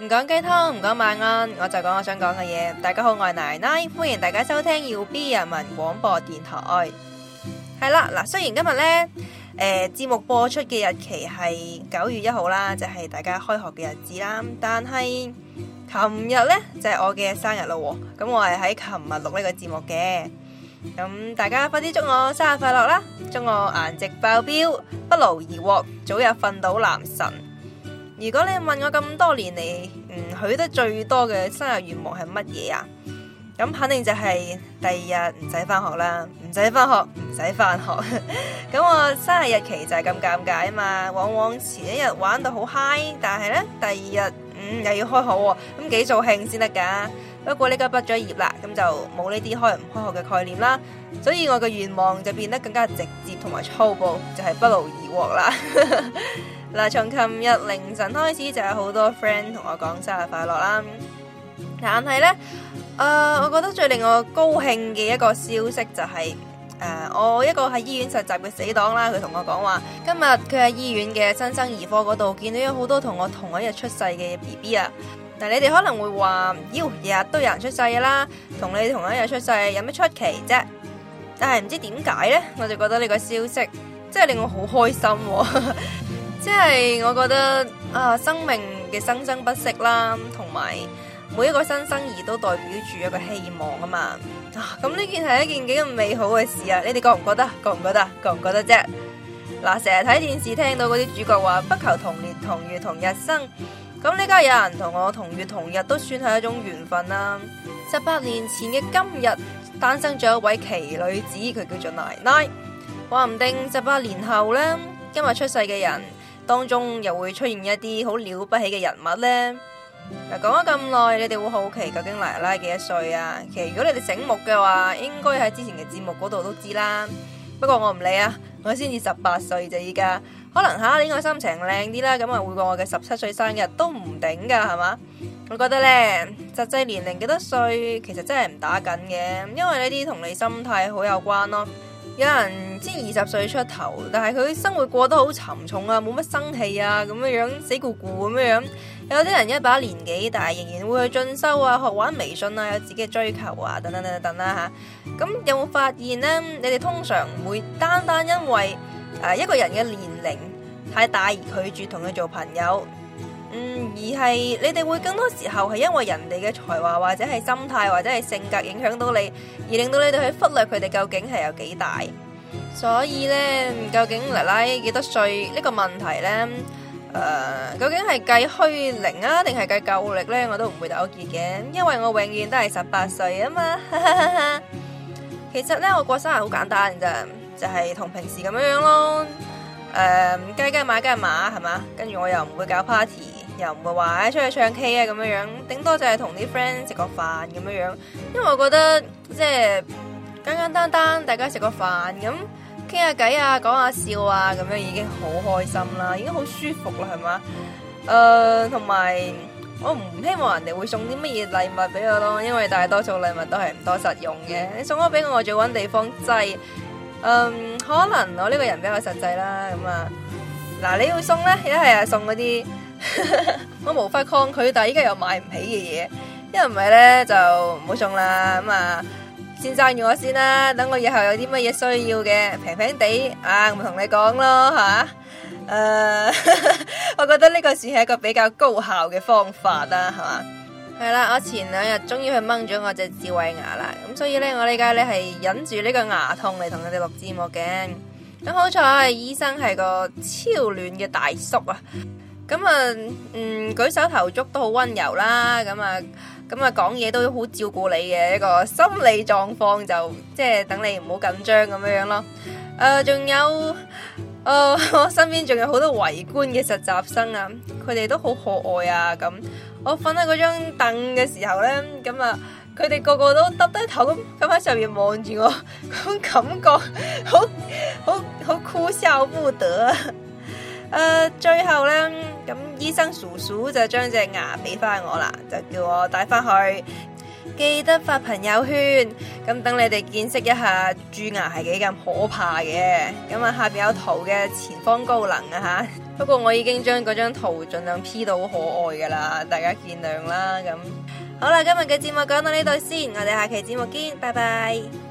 唔講雞湯，唔講晚安，我就講我想講嘅嘢。大家好，我係奶奶，歡迎大家收聽 U B 人民廣播電台。係啦，嗱，雖然今日呢，誒、呃，節目播出嘅日期係九月一號啦，就係、是、大家開學嘅日子啦。但係琴日呢，就係、是、我嘅生日啦，咁我係喺琴日錄呢個節目嘅。咁大家快啲祝我生日快樂啦！祝我顏值爆表，不勞而獲，早日瞓到男神。如果你問我咁多年嚟，嗯，許得最多嘅生日願望係乜嘢啊？咁肯定就係第二日唔使翻學啦，唔使翻學，唔使翻學。咁 我生日日期就係咁尷尬啊嘛，往往前一日玩到好嗨，但係咧第二日，嗯又要開學喎、啊，咁幾掃興先得噶。不過呢家畢咗業啦，咁就冇呢啲開唔開學嘅概念啦，所以我嘅願望就變得更加直接同埋粗暴，就係、是、不勞而獲啦。嗱，從琴日凌晨開始就有好多 friend 同我講生日快樂啦，但係呢，誒、呃，我覺得最令我高興嘅一個消息就係、是、誒、呃，我一個喺醫院實習嘅死黨啦，佢同我講話今日佢喺醫院嘅新生兒科嗰度見到有好多同我同一日出世嘅 BB 啊。但你哋可能會話，妖，日日都有人出世㗎啦，同你同一日出世有咩出奇啫？但係唔知點解呢，我就覺得呢個消息真係令我好開心，啊，即 係我覺得啊，生命嘅生生不息啦，同埋每一個新生兒都代表住一個希望啊嘛。咁呢件係一件幾咁美好嘅事啊！你哋覺唔覺得？覺唔覺得？覺唔覺得啫？嗱，啊，成日睇電視聽到嗰啲主角話，不求同年同月同日生。咁呢家有人同我同月同日，都算係一種緣分啦。十八年前嘅今日，誕生咗一位奇女子，佢叫做奶奶。話唔定十八年後呢，今日出世嘅人當中，又會出現一啲好了不起嘅人物呢。嗱，講咗咁耐，你哋會好奇究竟奶奶幾多歲啊？其實如果你哋醒目嘅話，應該喺之前嘅節目嗰度都知啦。不過我唔理啊，我先至十八歲就依家。可能下一年我心情靚啲啦，咁啊會過我嘅十七歲生日都唔定㗎，係嘛？我覺得咧實際年齡幾多歲，其實真係唔打緊嘅，因為呢啲同你心態好有關咯。有人先二十歲出頭，但係佢生活過得好沉重啊，冇乜生氣啊，咁嘅樣死咕咕咁嘅樣。有啲人一把年紀，但係仍然會去進修啊，學玩微信啊，有自己嘅追求啊，等等等等啦吓。咁有冇發現呢？你哋通常唔會單單因為誒，一個人嘅年齡太大而拒絕同佢做朋友，嗯，而係你哋會更多時候係因為人哋嘅才華或者係心態或者係性格影響到你，而令到你哋去忽略佢哋究竟係有幾大。所以咧，究竟奶奶幾多歲呢個問題咧，誒，究竟係計虛齡啊定係計舊歷咧，我都唔會糾結嘅，因為我永遠都係十八歲啊嘛哈哈哈哈。其實咧，我過生係好簡單嘅咋。就係同平時咁樣樣咯、uh, 雞雞馬雞馬，誒，雞雞買雞馬係嘛，跟住我又唔會搞 party，又唔會話出去唱 K 啊咁樣樣，頂多就係同啲 friend 食個飯咁樣樣，因為我覺得即係、就是、簡簡單單，大家食個飯咁，傾下偈啊，講下笑啊，咁、啊啊、樣已經好開心啦，已經好舒服啦，係嘛，誒、uh,，同埋我唔希望人哋會送啲乜嘢禮物俾我咯，因為大多數禮物都係唔多實用嘅，你送咗俾我，我，我仲要搵地方擠、就是。嗯，um, 可能我呢個人比較實際啦，咁啊，嗱，你要送咧，一係啊送嗰啲 我無法抗拒，但係依家又買唔起嘅嘢，一唔係咧就唔好送啦，咁啊，先贊住我先啦，等我以後有啲乜嘢需要嘅平平地啊，我咪同你講咯，吓、啊，誒、啊， 我覺得呢個算係一個比較高效嘅方法啦，係、啊、嘛。係啦，我前兩日終於去掹咗我隻智慧牙啦，咁所以咧，我呢家咧係忍住呢個牙痛嚟同佢哋錄節目嘅。咁好彩，醫生係個超暖嘅大叔啊！咁啊，嗯，舉手投足都好溫柔啦，咁啊，咁啊，講嘢都好照顧你嘅一個心理狀況就，就即係等你唔好緊張咁樣樣咯。誒、呃，仲有，誒、哦，我身邊仲有好多圍觀嘅實習生啊，佢哋都好可愛啊，咁。我瞓喺嗰張凳嘅時候咧，咁啊，佢哋個個都耷低頭咁，咁喺上面望住我，種感覺好好好哭笑不得啊！誒、 呃，最後咧，咁醫生叔叔就將隻牙俾翻我啦，就叫我帶翻去。記得發朋友圈，咁等你哋見識一下蛀牙係幾咁可怕嘅。咁啊，下邊有圖嘅前方高能啊吓！ 不過我已經將嗰張圖盡量 P 到好可愛噶啦，大家見諒啦。咁好啦，今日嘅節目講到呢度先，我哋下期節目見，拜拜。